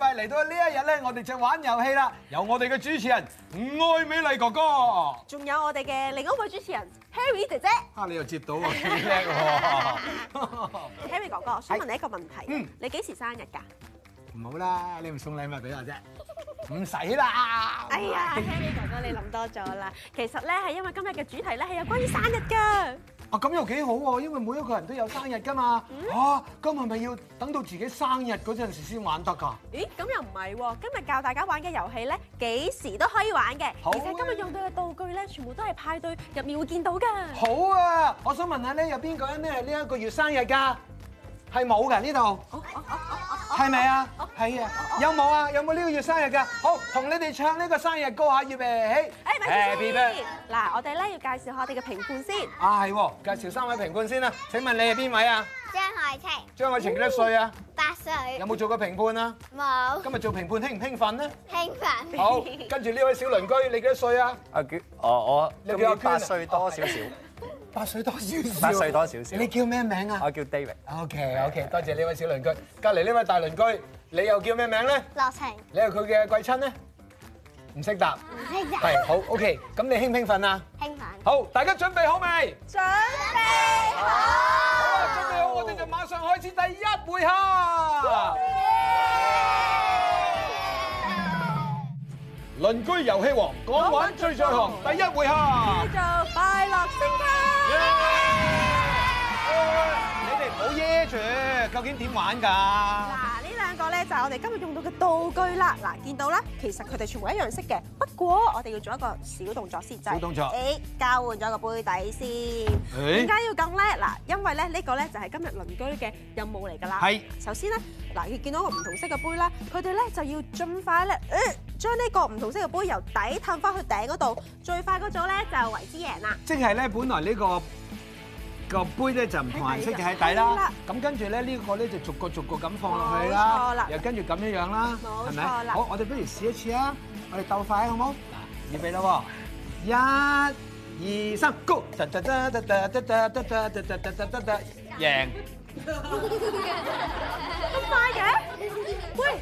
嚟到呢一日咧，我哋就玩遊戲啦！有我哋嘅主持人愛美麗哥哥，仲有我哋嘅另一位主持人 Harry 姐姐。啊，你又接到喎，幾叻喎！Harry 哥哥想問你一個問題，你幾時生日㗎？唔好啦，你唔送禮物俾我啫，唔使啦！哎呀，Harry 哥哥你諗多咗啦，其實咧係因為今日嘅主題咧係有關於生日㗎。啊，咁又幾好喎！因為每一個人都有生日噶嘛，嚇、嗯，咁係咪要等到自己生日嗰陣時先玩得㗎？咦，咁又唔係喎，今日教大家玩嘅遊戲咧，幾時都可以玩嘅，好耶 其實今日用到嘅道具咧，全部都係派對入面會見到㗎。好啊 耶，好耶 我想問下咧，有邊個人咧係呢一個月生日㗎？係冇嘅呢度，係咪啊？係啊，有冇啊？有冇呢個月生日嘅？好，同你哋唱呢個生日歌嚇，月眉起，誒 B B。嗱，我哋咧要介紹下我哋嘅評判先。啊，係喎，介紹三位評判先啦。請問你係邊位啊？張海晴。張海晴幾多歲啊？八歲。有冇做過評判啊？冇。今日做評判興唔興奮啊？興奮啲。好，跟住呢位小鄰居，你幾多歲啊？阿娟，哦，我，你比八歲多少少。八歲多少少，八歲多少少。你叫咩名啊？我叫 David。OK OK，多謝呢位小鄰居。隔離呢位大鄰居，你又叫咩名咧？樂晴。你係佢嘅貴親咧？唔識答。唔識答。係好 OK，咁你興唔興奮啊？興奮。好，大家準備好未？準備好。準備好，我哋就馬上開始第一回合。第一。鄰居遊戲王，講玩最在行。第一回合。叫做快樂升 Cup。你哋唔好耶住，究竟點玩噶？嗱，呢兩個咧就係我哋今日用到嘅道具啦。嗱，見到啦，其實佢哋全部一樣色嘅，不過我哋要做一個小動作先，就係小動作，交換咗個杯底先。點解要咁咧？嗱，因為咧呢個咧就係今日鄰居嘅任務嚟噶啦。係，首先咧嗱，要見到個唔同色嘅杯啦，佢哋咧就要盡快咧。將呢個唔同色嘅杯由底褪翻去頂嗰度，最快嗰組咧就為之贏啦。即係咧，本來呢個個杯咧就唔同顏色嘅喺底啦。咁跟住咧，呢個咧就逐個逐個咁放落去啦。又跟住咁樣樣啦，係咪？好，我哋不如試一次啊！我哋鬥快好冇？準備啦喎！一、二、三、go！贏。咁快嘅？喂！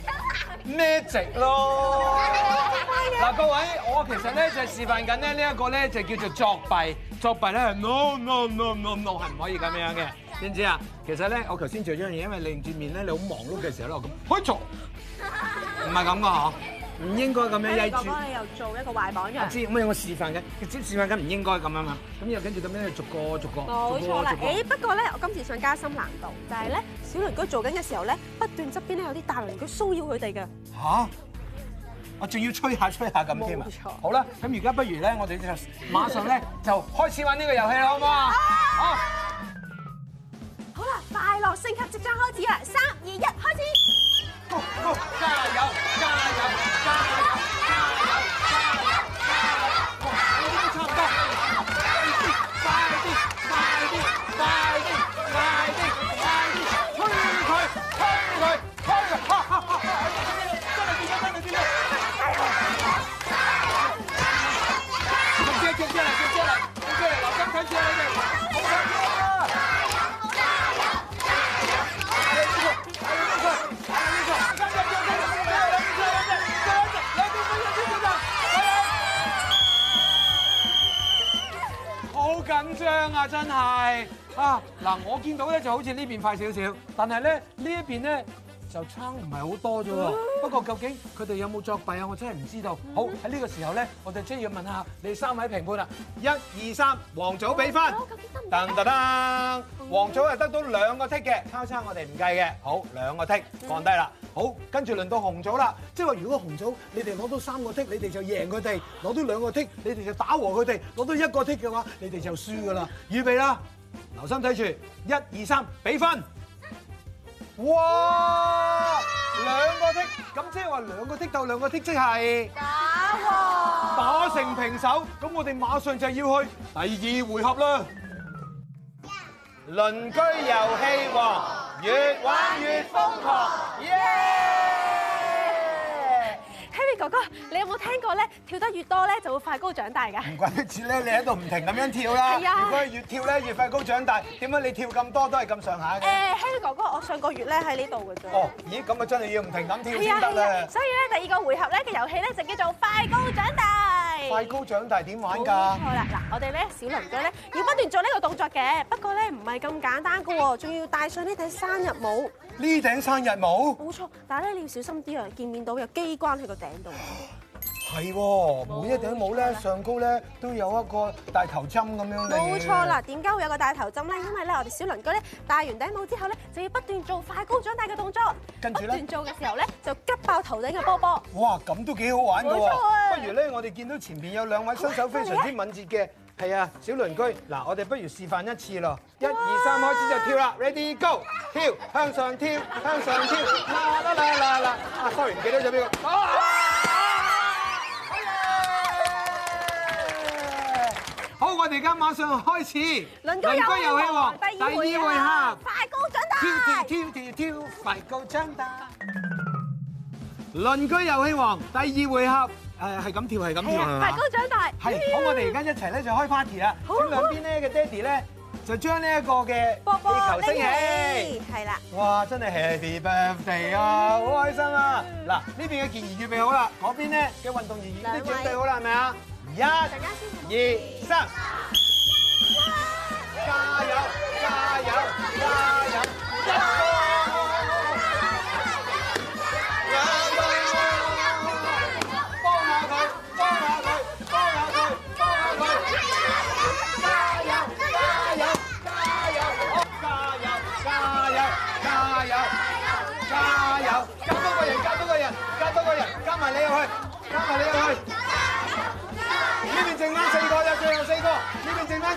咩值咯？嗱 Magic.， 各位，我其實咧就示範緊咧呢一個咧就叫做作弊，作弊咧係 no no no no no，係唔可以咁樣嘅。知唔知啊？其實咧我頭先做咗樣嘢，因為擰住面咧你好忙碌嘅時候咧，咁開場唔係咁嘅嗬。唔應該咁樣曳住，我幫你又做一個壞榜樣。知乜嘢？我示範嘅，只示範咁唔應該咁樣啊嘛。咁又跟住咁樣，又逐個逐個，冇錯啦。不過咧，我今次想加深難度，就係咧小鄰居做緊嘅時候咧，不斷側邊咧有啲大鄰居騷擾佢哋嘅。嚇！我仲要吹下吹下咁添啊！好啦，咁而家不如咧，我哋就馬上咧就開始玩呢個遊戲啦，好唔好啊？好啦，快樂升 cup 即將開始啊！三二。啊！真係啊！嗱，我見到咧就好似呢邊快少少，但係咧呢一邊咧就差唔係好多啫喎。不過究竟佢哋有冇作弊啊？我真係唔知道。好喺呢個時候咧，我哋即係要問下你三位評判啦，一二三，黃組比分，噔噔噔。黃組係得到兩個 tick 嘅交叉，我哋唔計嘅。好，兩個 tick，降低啦。好，跟住輪到紅組啦。即係話如果紅組你哋攞到三個 tick，你哋就贏佢哋；攞到兩個 tick，你哋就打和佢哋；攞到一個 tick 嘅話，你哋就輸㗎啦。預備啦，留心睇住，一二三，比分。哇，兩個 tick，咁即係話兩個 tick 鬥兩個 tick 即係打和，打成平手。咁我哋馬上就要去第二回合啦。鄰居遊戲王，越玩越瘋狂。耶、yeah！希夷哥哥，你有冇聽過咧？跳得越多咧，就會快高長大噶。唔怪得之咧，你喺度唔停咁樣跳啦。係啊。如果係越跳咧越快高長大，點解你跳咁多都係咁上下嘅？誒，Harry 哥哥，我上個月咧喺呢度嘅啫。哦，咦，咁啊，真係要唔停咁跳先得啦。所以咧，第二個回合咧嘅遊戲咧就叫做快高長大。快高長大點玩噶？好啦，嗱，我哋咧小龍哥咧要不斷做呢個動作嘅，不過咧唔係咁簡單噶喎，仲要帶上呢頂生日帽。呢頂生日帽？冇錯，但係咧你要小心啲啊！見面到有，有機關喺個頂度。係喎，每一頂帽咧冇錯，上高咧都有一個大頭針咁樣嚟。冇錯啦，點解會有個大頭針咧？因為咧我哋小鄰居咧戴完頂帽之後咧就要不斷做快高長大嘅動作。跟住咧不斷做嘅時候咧就急爆頭頂嘅波波。哇，咁都幾好玩㗎喎！冇錯，不如咧我哋見到前邊有兩位雙手非常之敏捷嘅。係啊，小鄰居嗱，我哋不如示範一次咯，一二三開始就跳啦，ready go，跳向上跳向上跳，得啦得啦 sorry 唔記得咗邊個？好， 好，我哋而家馬上開始，鄰居遊戲王,遊戲王第二回合，快高長大，跳跳跳跳快高長大，鄰居遊戲王第二回合。誒係咁跳，係咁跳啊！快高長大，係，好，我哋而家一齊咧就開 party 啦！咁兩邊咧嘅爹哋咧就將呢一個嘅氣球升起，係啦，哇，真係 happy birthday 啊，好開心啊！嗱，呢邊嘅健兒預備好啦，嗰邊咧嘅運動員已經準備好啦，係咪啊？一、二、三，加油！加油！加油！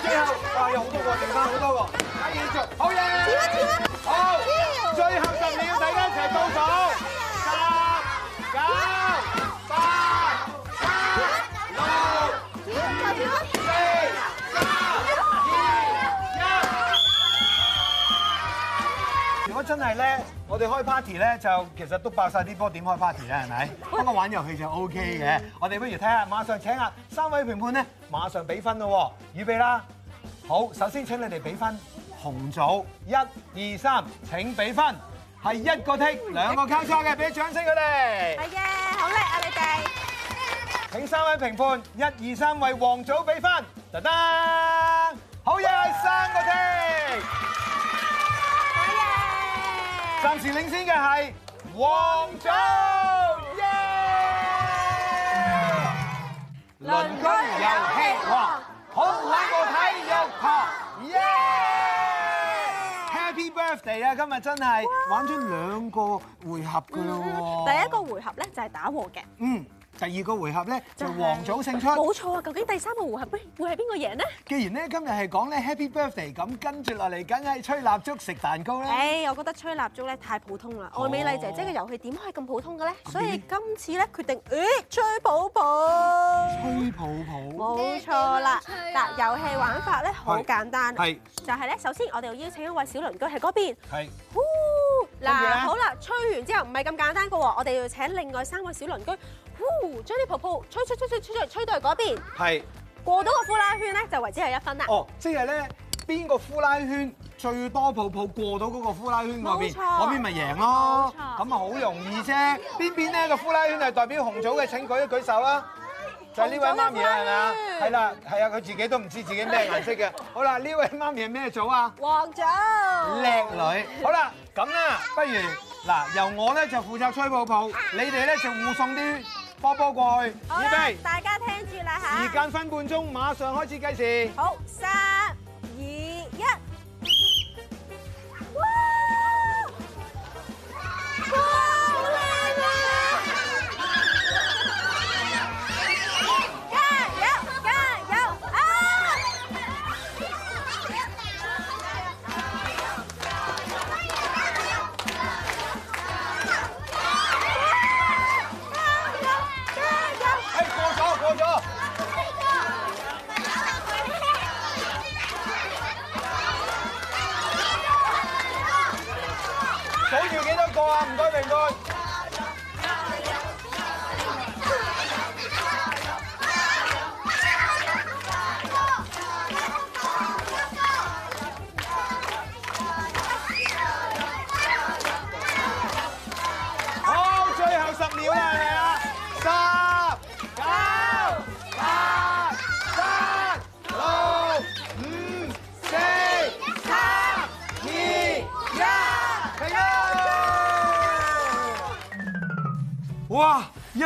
最後啊，有好多個剩翻好多個，睇繼續，好嘢，好，最後十秒，大家一齊倒數，三、二、一。如果真係咧，我哋開 party 咧，就其實都爆晒啲波，點開 party 咧？係咪？不過玩遊戲就 OK 嘅。我哋不如睇下，馬上請啊三位評判咧。馬上俾分咯，預備啦！好，首先請你哋俾分紅組，一、二、三，請俾分，係一個剔兩個交叉嘅，俾啲掌聲佢哋。係嘅，好叻啊！你哋。請三位評判，一、二、三，為黃組俾分，得唔得啊？好嘢，三個剔。好嘢。暫時領先嘅係黃組。鄰居遊戲王，好睇我睇一拍，耶 Yeah.！Happy birthday 啊！今日真係玩咗兩個回合噶咯喎，第一個回合咧就係打和嘅，嗯。第二個回合咧就黃組勝出，冇錯啊！究竟第三個回合會會係邊個贏咧？既然咧今日係講咧 Happy Birthday 咁，跟住落嚟梗係吹蠟燭食蛋糕啦。誒，我覺得吹蠟燭咧太普通啦。愛美麗姐姐嘅遊戲點可以咁普通嘅咧？所以今次咧決定誒吹泡泡。吹泡泡。冇錯啦。嗱，遊戲玩法咧好簡單，係就係咧，首先我哋要邀請一位小鄰居喺嗰邊，係。嗱麼，好啦，吹完之後唔係咁簡單嘅喎，我哋要請另外三個小鄰居，呼，將啲泡泡泡吹吹吹吹吹吹，吹到去嗰邊。係。過到個呼啦圈咧，就為之係一分啦。哦，即係咧，邊個呼啦圈最多泡泡過到嗰個呼啦圈嗰邊，嗰沒錯 邊咪贏咯。咁啊，好容易啫。邊邊咧個呼啦圈係代表紅組嘅？請舉一舉手啦。就係呢位媽咪係咪啊？係啦，係啊，佢自己都唔知自己咩顏色嘅。好啦，呢位媽咪係咩組啊？黃組，叻女。好啦，咁啊，不如嗱，由我咧就負責吹泡泡，你哋咧就護送啲波波過去。好，預備 大家聽住啦嚇。時間分半鐘，馬上開始計時。好，三。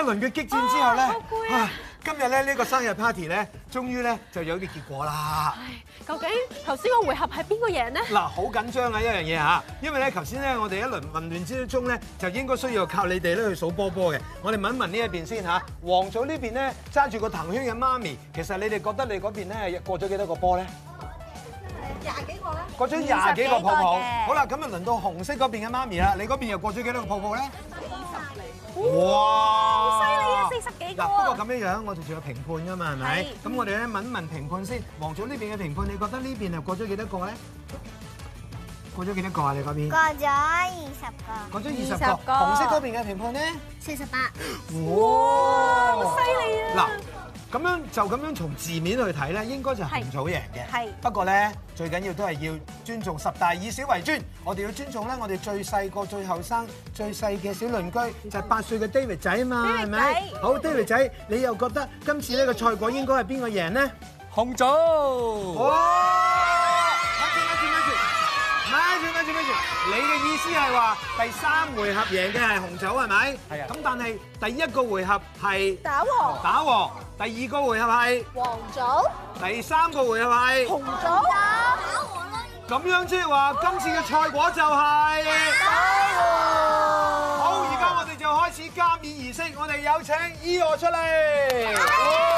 一輪嘅激戰之後咧，今日咧呢個生日 party 咧，終於咧就有啲結果啦。究竟頭先個回合係邊個贏呢？嗱，好緊張啊！一樣嘢嚇，因為咧頭先咧我哋一輪混亂之中咧，就應該需要靠你哋咧去數波波嘅。我哋問一問呢一邊先嚇，黃組呢邊咧揸住個藤圈嘅媽咪，其實你哋覺得你嗰邊咧過咗幾多個波咧？我哋廿幾個啦。過咗廿幾個泡泡。好啦，咁啊輪到紅色嗰邊嘅媽咪啦，你嗰邊又過咗幾多個泡泡咧？哇！好犀利啊，四十幾個，不過咁樣樣，我哋仲有評判噶嘛，係咪？咁是我哋咧問問評判先，黃組呢邊嘅評判，你覺得邊呢邊係過咗幾多個咧？過咗幾多個啊？你嗰邊過咗二十個。過咗二十個，個紅色嗰邊嘅評判咧？四十八。哇！好犀利啊！嗱。.咁樣就咁樣從字面去睇咧，應該就係紅組贏嘅。不過咧，最緊要都係要尊重十大以小為尊，我哋要尊重咧，我哋最細個、最後生、最細嘅小鄰居就係八歲嘅 David 仔啊嘛，係咪？好，David 仔，你又覺得今次呢個賽果應該係邊個贏咧？紅組。你嘅意思係話第三回合贏嘅係紅組係咪？係啊。咁但係第一個回合係打和，打和。第二個回合係黃組，第三個回合係紅組打和啦。咁樣即係話今次嘅賽果就係打和。好，而家我哋就開始加冕儀式，我哋有請醫和出嚟。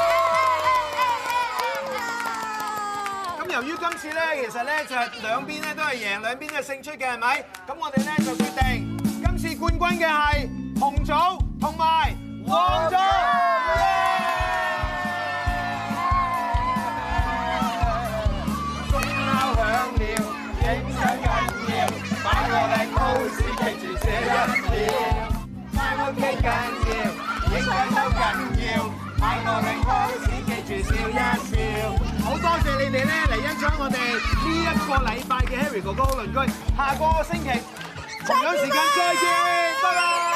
由於今次咧，其實咧就兩邊咧都係贏兩邊都勝出嘅，係咪？咁我哋咧就決定，今次冠軍嘅係紅組同埋黃組。我哋呢一個禮拜嘅 Harry 哥哥好鄰居，下個星期同樣時間再見，拜拜。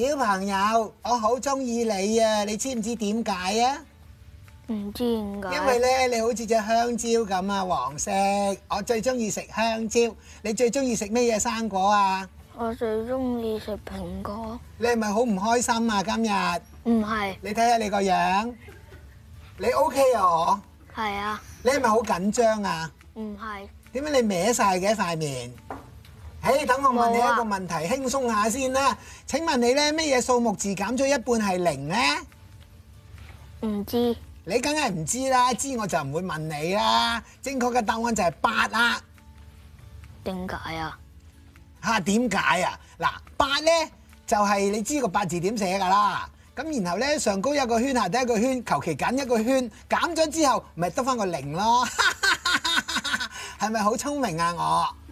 小朋友，我好中意你啊！你知唔知點解啊？唔知。因為呢，你好似隻香蕉咁啊，黃色。我最中意食香蕉。你最中意食咩嘢生果啊？我最中意食蘋果。你係咪好唔開心啊？今日？唔係。你睇下你個樣，你 OK 啊？我？係啊。你係咪好緊張啊？唔係。點解你歪晒嘅塊面？哎，等我問你一個問題，輕鬆下先啦。請問你呢，咩嘢數目字減咗一半係零呢？唔知。你梗係唔知啦，知我就唔會問你啦。正確嘅答案就係八啦。點解啊？吓，點解啊？嗱，啊，八呢，就係、係、你知個八字點寫噶啦。咁然後呢，上高有個圈，下低一個圈，求其減一個圈，減咗之後咪得翻個零咯。係咪好聰明啊我？